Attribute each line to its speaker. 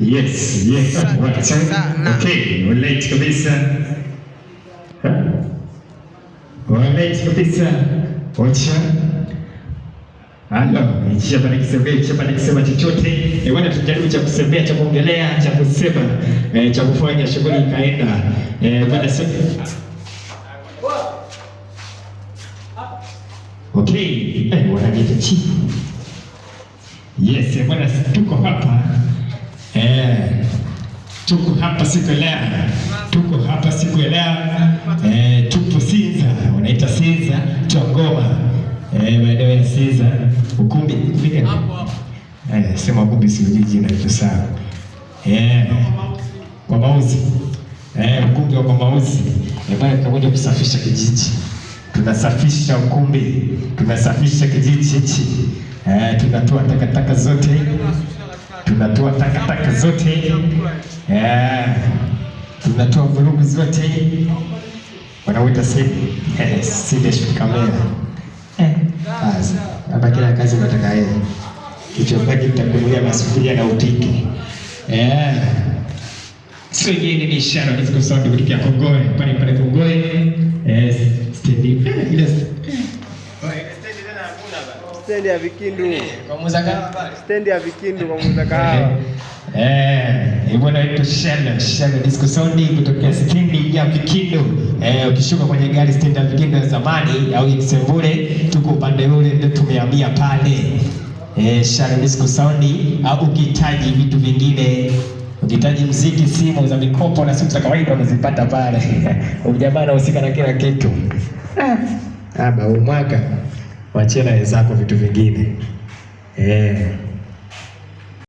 Speaker 1: Yes, yes. Sana. Okay, waleti kabisa. Waleti kabisa. Ocha. Halo, nishia pana kisembea, nishia pana kisema chochote. E, wana tujaribu cha kusembea, cha kuongelea, cha kusema, e, cha kufanya shughuli ikaenda. E, eh, bwana sio. Okay, e, wana kitu. Yes, eh, bwana tuko hapa. Tuko hapa siku ya leo, tuko hapa siku ya leo e, tupo Sinza, wanaita Sinza Chongoma e, eh, maeneo ya Sinza ukumbi fika e, eh, sema ukumbi sijui jina hilo sawa e, kwa mauzi e, ukumbi wa mauzi e, bwana tunakuja kusafisha kijiji, tunasafisha ukumbi, tunasafisha kijiji hichi e, tunatoa takataka zote tunatoa takataka zote, yeah. tunatoa vurugu zote wanawita eh, kamera eh, kila kazi nataka yeye kichwa chake kitakunulia masufuria na utiki yeah. Siku nyingine ni ishara, nisikusahau kupitia Kongoe pale pale Kongoe, eh, stendi ile
Speaker 2: stendi ya Vikindu, eh, stendi ya Vikindu kwa muuza kahawa
Speaker 1: eh, eh, diskosoni kutokea stendi ya Vikindu. Ukishuka kwenye gari stendi ya Vikindu ya zamani au Isembule, tuko upande ule ndio tumehamia pale. Eh, Shale Disco Sound au ukihitaji vitu vingine ukihitaji mziki, simu za mikopo na simu za kawaida unazipata pale. Ujamaa anahusika na kila kitu. Ah, baba mwaka wachie na wenzako vitu vingine eh.